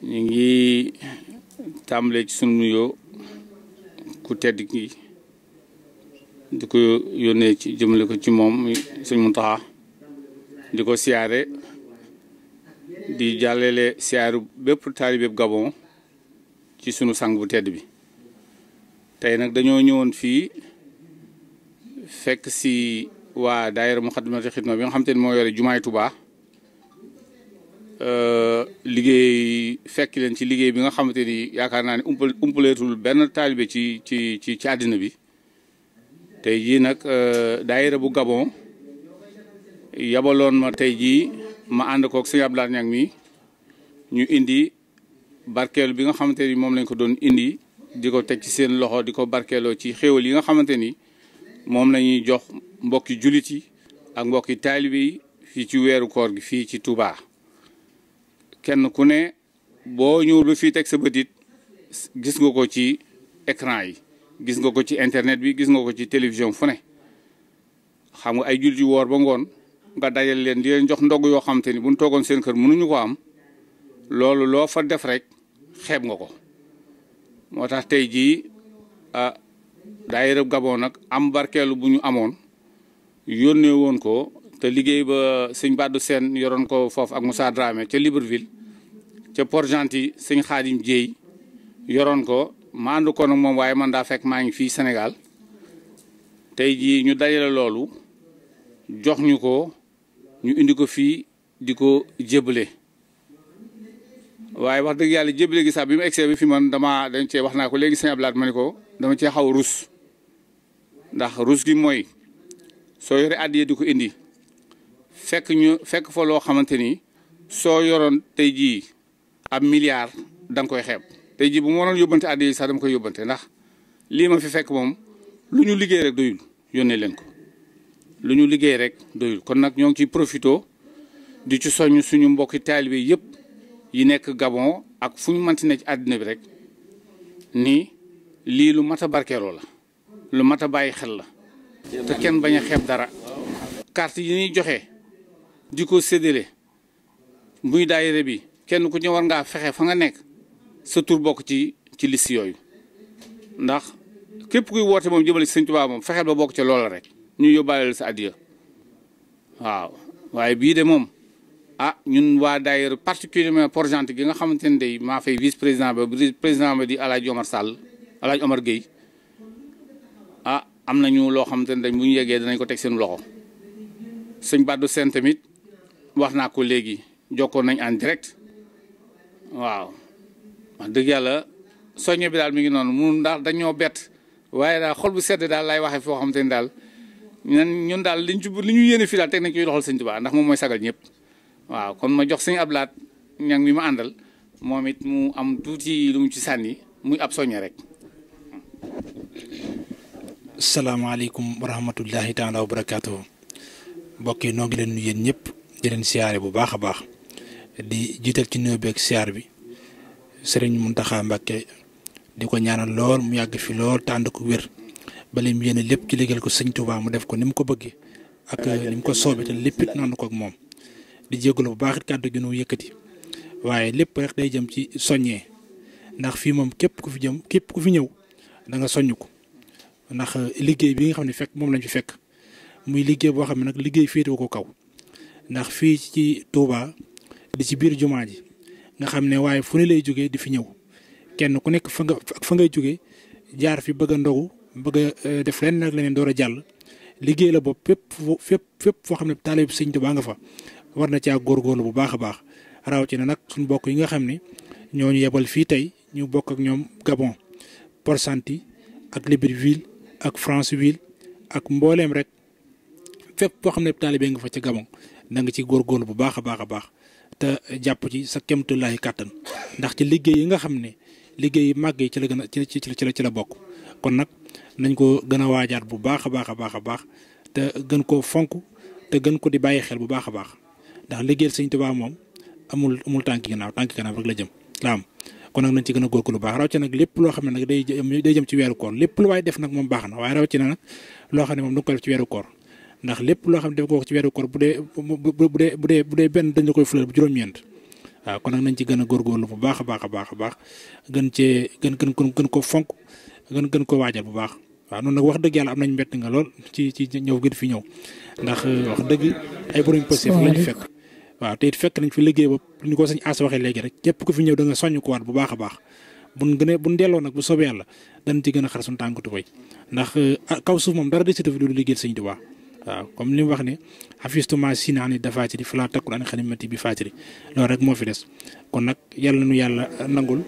ñu ngi tàmbale ci sunu nuyoo ku tedd ki di ko yónnee ci jëmale ko ci moom sëñ Muntaxa di ko siyaare di jàlleele siyaaru bépp taalibeb Gabon ci sunu sang bu tedd bi tey nag dañoo ñëwoon fii fekk si waa daayira Muxaddamatul Xidma bi nga xam te ne moo yore jumaay Tuubaa liggéey fekk leen ci liggéey bi nga xamante ni yaakaar naa ne umpale umpaleetul benn taalibe ci ci ci ci àddina bi tey jii nag euh, daayira bu Gabon yabaloon ma tey jii ma ànd koog sëñ Abdoulaye Niang mi ñu indi barkeelu bi nga xamante ni moom lañ ko doon indi di ko teg ci seen loxo di ko barkeeloo ci xéewal yi nga xamante ni moom la jox mbokki jullit yi ak mbokki taalibe yi fii ci weeru koor gi fii ci Touba. kenn ku ne boo ñu lu fii teg sa bëtit gis nga ko ci écran yi gis nga ko ci internet bi gis nga ko ci télévision fu ne xam nga ay jul ji woor ba ngoon nga dajal leen di leen jox ndog yoo xam ni bu ñu toogoon seen kër mënuñu ko am loolu loo fa def rek xeeb nga ko moo tax tey jii daayira Gabon nag am barkeelu bu ñu amoon yónnee woon ko te liggéey ba sëñ Badou Sène yoroon ko foofu ak Moussa Dramé ca Libreville ca Port-Gentil sëñ Xaadim Dieye yoroon ko ma ànd ko nag moom waaye man daa fekk maa ngi fii Sénégal tey jii ñu dajale loolu jox ñu ko ñu indi ko fii di ko jébale waaye wax dëgg yàlla jébale gi sax bi mu egsee bi fi man dama dañ cee wax naa ko léegi sëñ Ablaat ma ne ko dama cee xaw ruus ndax rus gi mooy soo yore àddiya di ko indi fekk ñu fekk fa loo xamante ni soo yoroon tey jii ab milliard da koy xeeb tey jii bu ma waroon yóbbante addi yi sax dama koy yóbbante ndax lii ma fi fekk moom lu ñu liggéey rek doyul yónnee leen ko lu ñu liggéey rek doyul kon nag ñoo ngi ciy profito di ci soññ suñu mbokki taalibe yëpp yi nekk Gabon ak fu ñu manti ne ci àddina bi rek ni lii lu mat a barkeeloo la lu mat a bàyyi xel la te kenn bañ a xeeb dara carte yi ñuy joxe. di ko séddale muy daayira bi kenn ku ci war ngaa fexe fa nga nekk sa tour bokk ci ci liste yooyu ndax képp kuy woote moom jëmale ci Sëñ moom fexeel ba bokk ca loola rek ñu yóbbaale sa addiya waaw waaye bii de moom ah ñun waa daayira particulièrement Port-Gentil gi nga xamante ne day maa fay vice président ba président ba di Alaaji Omar Sall Alaaji Omar Gueye ah am nañu loo xamante ne dañ bu yeggee danañ ko teg seen loxo sëñ Badou Sène tamit wax naa ko léegi jokkoon nañ en direct waaw wax dëgg yàlla soññe bi daal mi ngi noonu mun ndax dañoo bett waaye daal xol bu sedd daal lay waxee foo xam te ni daal ñun ñun daal liñ ci li ñu yéene fii daal teg nañ ci loxol sëñ Tuubaa ndax moom mooy sagal ñëpp waaw kon ma jox sëñ Ablaat ña mi ma àndal moom it mu am tuuti lu mu ci sànni muy ab soññe rek. salaamaaleykum wa rahmatullahi taala wa barakaatu mbokk yi noo ngi leen nuyu yéen ñëpp. di leen siyaare bu baax a baax di jiital ci néew beeg siyaar bi sëriñ taxa Mbàkke di ko ñaanal lool mu yàgg fi lool tànd ànd ko wér ba lim yéene lépp ci liggéeyal ko sëñ Tuubaa mu def ko ni mu ko bëggee ak ni ko soobee lépp it ko ak moom di jégalu bu baax it kàddu yëkkati waaye lépp day jëm ci soññee ndax fii moom képp ku fi jëm képp ku fi ñëw da nga soññ ko ndax liggéey bi nga xam ne fekk moom lañ fi fekk muy liggéey boo xam ne nag liggéey féetewoo ko kaw. ndax fii ci Touba di ci biir jumaa ji nga xam ne waaye fu ne lay jógee di fi ñëw kenn ku nekk fa nga fa ngay jógee jaar fi bëgg a ndogu bëgg a euh, def lenn nag leneen door a jàll liggéey la bopp fépp fépp fépp foo xam ne taalib sëñ Touba nga fa war na caa góorgóorlu bu baax a baax rawatina nag suñu bokk yi nga xam ne ñooñu yebal fii tey ñu bokk ak ñoom Gabon Port-Gentil ak Libreville ak Franceville ak mbooleem rek fépp boo xam ne taalibe nga fa ca Gabon na nga ci góorgóorlu bu baax a baax a jàpp ci sa kéemtulaay kàttan ndax ci liggéey yi nga xam ne liggéey màgg yi ci la gën a ci ci la ci la bokk kon nag nañ ko gën a waajaat bu baax a baax a baax a baax te gën koo fonk te gën ko di bàyyi xel bu baax a baax ndax liggéeyal Sëñ Tuubaa moom amul amul tànki ginnaaw tànki kanam rek la jëm la am kon nag nañ ci gën a góorgóorlu baax rawatina loo xam ne nag day weeru koor lépp lu waay def nag moom baax na waaye rawatina nag loo xam ne moom du ko def ci weeru koor ndax lépp loo xam ne def ko ci weeru koor bu dee bu dee bu dee bu dee benn dañ la koy fulal bu juróom-ñeent waaw kon nag nañ ci gën a góorgóorlu bu baax a baax a baax a baax gën cee gën gën gën ko fonk gën gën ko waajal bu baax waaw noonu nag wax dëgg yàlla am nañ mbett nga lool ci ci ñëw gën fi ñëw ndax euh, wax dëgg ay borom positif lañ fekk waaw te fekk nañ fi liggéey ba ni ko sañ aas waxee léegi rek képp ku fi ñëw da nga soññ ko waat bu baax a baax buñ gënee buñ delloo nag bu soobee yàlla danañ ci gën a xar suñu tànkatu koy ndax euh, ah, kaw suuf moom dara desitu fi lu liggéeyal sëñ Tuubaa waaw comme li mu wax ne xafistuma sinaani dafaatiri falaa takkul an xalimati bi faatiri loolu rek moo fi des kon nag yàlla nu yàlla nangul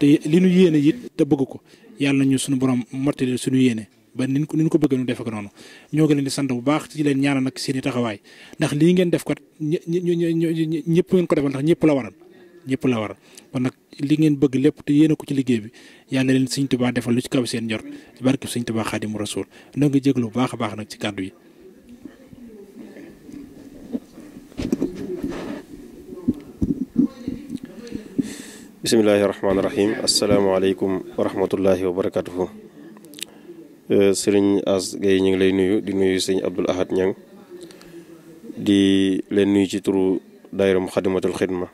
te li nu yéene it te bëgg ko yàlla ñu suñu borom mottali suñu yéene ba ni ko ni ko bëgg nu defe noonu ñoo ngi sant bu baax ci leen ñaanal nag seen i taxawaay ndax lii ngeen def kat ñëpp ko defal ndax ñëpp la waral ñëpp la waral kon nag li ngeen bëgg lépp te yéene ko ci liggéey bi yàlla leen sëñ Tuubaa defal lu ci kaw seen njort ci barke sëñ Tuubaa Xaadimu Rasuul noo ngi jéglu bu baax a baax nag ci kàddu yi bisimilahi rahmaani rahim asalaamaaleykum wa rahmatullahi wa barakatuhu euh, sëriñ As Gueye ñu ngi lay nuyu di nuyu sëñ Abdul Ahad Ñang di leen nuyu ci turu daayira Muxaddamatul Xidma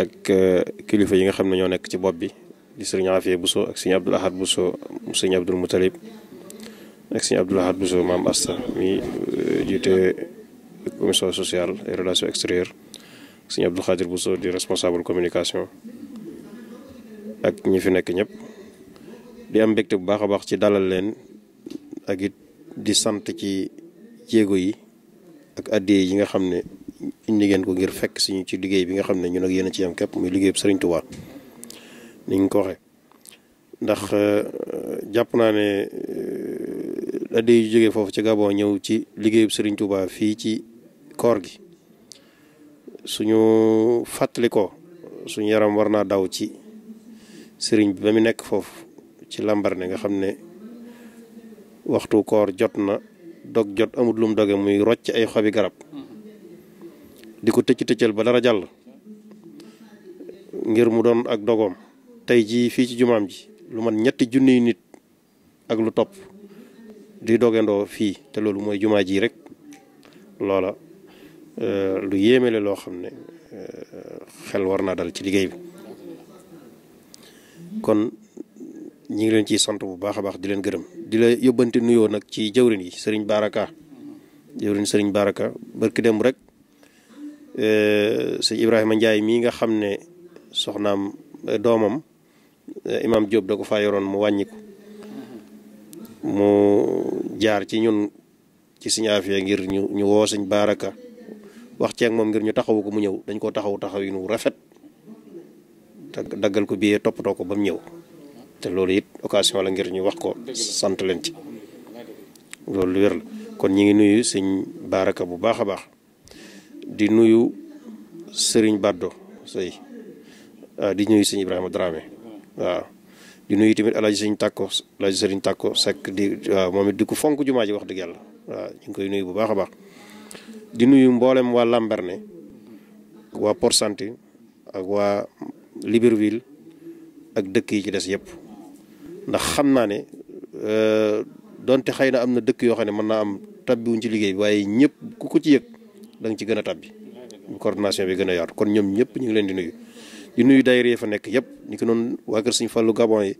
ak euh, kilifa yi nga xam ne ñoo nekk ci bopp bi di sëriñ bu Buso ak sëñ Abdul Ahad Buso sëñ Abdul Mutalib ak sëñ Abdul Ahad Buso maam Asta mi euh, jiite commission sociale et relations sëñ Abdou bu Bousso di responsable communication ak ñi fi nekk ñëpp di am mbégte bu baax a baax ci dalal leen ak it di sant ci jéego yi ak addiyee yi nga xam ne indi ngeen ko ngir fekk suñu ci liggéey bi nga xam ne ñun ak yenn ci am képp muy liggéey bu Sëriñ Tuubaa ni nga ko waxee ndax euh, jàpp naa ne euh, addiyee yu jógee foofu ci Gabon ñëw ci liggéey bu Sëriñ Tuubaa fii ci koor gi suñu fàttalikoo suñu yaram war naa daw ci sëriñ bi ba mu nekk foofu ci Lambaréné nga xam ne waxtu koor jot na dog jot amut lum doge muy rocc ay xobi garab di ko tëcc tëccal ba dara jàll ngir mu doon ak dogoom tey jii fii ci jumaam ji lu man ñetti junniy nit ak lu topp di dogendoo fii te loolu mooy jumaa ji rek loola Euh, lu yéeme la loo xam ne euh, xel war naa dal ci liggéey bi kon ñi ngi leen ciy sant bu baax a baax di leen gërëm di la yóbbante nuyoo nag ci jawrin yi sëriñ Baraka jawrin sëriñ Baraka barki dem rek euh, sëñ Ibrahima Ndiaye mii nga xam ne soxnaam doomam Imaam Diop da ko faa yoroon mu wàññiku mu jaar ci ñun ci suñu affaire ngir ñu ñu woo sëñ Baraka. wax ci moom ngir ñu taxawu ko mu ñëw dañ koo taxawu taxaw yi nu rafet daggal ko biyee toppatoo ko ba mu ñëw te loolu it occasion la ngir ñu wax ko sant leen ci loolu lu wér la kon ñi ngi nuyu sëñ Baraka bu baax a baax di nuyu sëriñ Baddo sëy ah, di nuyu sëñ Ibrahima Dramé waaw di nuyu tamit alaaji sëñ Tàkko alaaji sëriñ Tàkko Seck di waaw ah, moom it di ku fonk jumaa ji wax dëgg yàlla ñu ngi koy nuyu bu baax a baax di nuyu mboolem waa Lambaréné waa Port Santé ak waa Libreville ak dëkk yi ci des yëpp ndax xam naa ne euh, donte xëy na am na dëkk yoo xam ne mën naa am tabbiwuñ ci liggéey waaye ñëpp ku ko ci yëg da ci gën a tabbi coordination bi gën a yaatu kon ñoom ñëpp ñu ngi leen di nuyu di nuyu daayira fa nekk yëpp ni ko noonu waa kër Fallu Gabon yi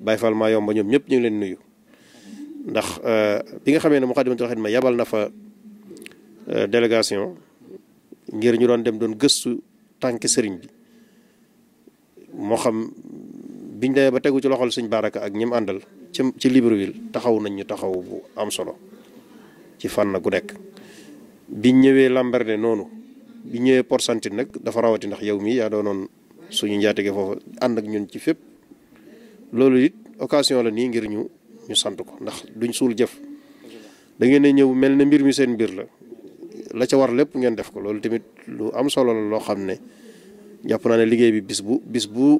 Baay Fall maa yomba ñëpp ñu ngi leen nuyu ndax euh, bi nga xamee ne Moukhaddamatoul Khidma yabal na fa Euh, délégation ngir ñu doon dem doon gëstu tànk sëriñ bi moo xam biñ demee ba tegu ci loxol suñ baraka ak ñim àndal ci ci Libreville taxaw nañ ñu taxaw bu am solo ci fànn gu nekk biñ ñëwee Lambaréné noonu biñ ñëwee Port Santine nag dafa rawati yow mii yaa suñu njaatige foofu ànd ak ñun ci fépp loolu it occasion la nii ngir ñu ñu sant ko ndax duñ suul jëf dangeen ngeen ñëw mel na mbir mi seen mbir la la ca war lépp ngeen def ko loolu tamit lu am solo la loo xam ne jàpp naa ne liggéey bi bis bu bis bu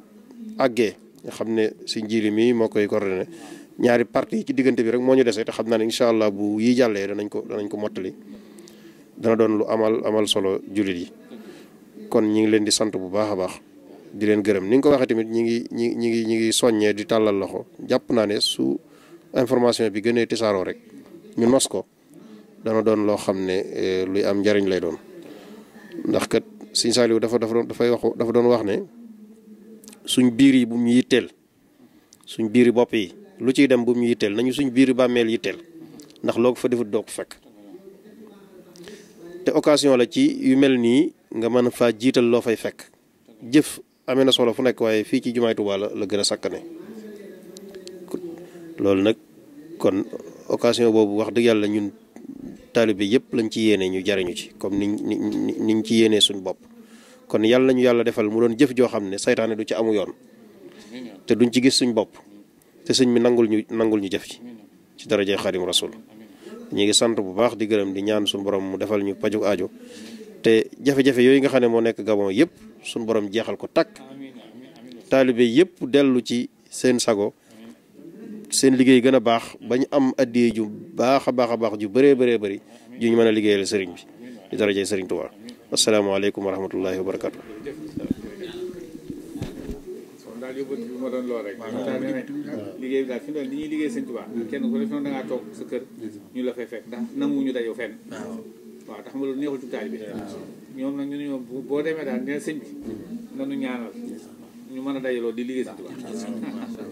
àggee nga xam ne si njiili mi moo koy coordonné ñaari parti yi ci diggante bi rek moo ñu desee te xam naa ne incha allah bu yi jàllee danañ ko danañ ko mottali dana doon lu amal amal solo jullit yi kon ñi ngi leen di sant bu baax a baax di leen gërëm ni nga ko waxee tamit ñi ngi ñi ñi ngi ñi ngi soññee di tàllal loxo jàpp naa ne su information bi gënee tisaaroo rek ñu nos ko dana doon loo xam ne eh, luy am njariñ lay doon ndax kat Sëñ Saaliw dafa dafa doon dafay wax dafa doon wax ne suñ biir yi bu mu yitteel suñ biir yi bopp yi lu ciy dem bu mu yitteel nañu suñ biir yi bàmmeel yitteel ndax loo ko fa defut doo ko fekk te occasion la ci yu mel nii nga mën faa jiital loo fay fekk jëf amee na solo fu nekk waaye fii ci jumaay Tuubaa la gën a sakkane loolu nag kon occasion boobu wax dëgg yàlla ñun taalibe yëpp lañ ci yéene ñu jariñu ci comme ni niñ niñ ci yéenee suñ bopp kon yàlla ñu yàlla defal mu doon jëf joo xam ne seytaane du ci amu yoon te duñ ci gis suñ bopp te sëñ mi nangul ñu nangul ñu jëf ci ci darajee xaadim rasul ñu ngi sant bu baax di gërëm di ñaan suñ borom mu defal ñu paju ajo te jafe-jafe yooyu nga xam ne moo nekk Gabon yëpp suñ borom jeexal ko takk taalibe yëpp dellu ci seen sago seen liggéey gën a baax ba ñu am addiyee ju baax a baax a baax ju bëree bëree bëri ju ñu mën a liggéeyal sëriñ bi di sëriñ Tuubaa asalaamaaleykum wa rahmatullahi wa barakaatu. waaw yóbbante bi ma doon liggéey bi daal fi liggéey sëñ Tuubaa. kenn ku ne fi mu da toog sa kër. ñu la fay fekk ndax nanguwuñu dajoo fenn. waaw tax ma loolu neexul ci taalibe bi. ñoom nag ñu ne ñoom boo demee daal nee sëñ bi nanu ñaanal ñu mën a dajaloo di liggéey sëñ Tuubaa.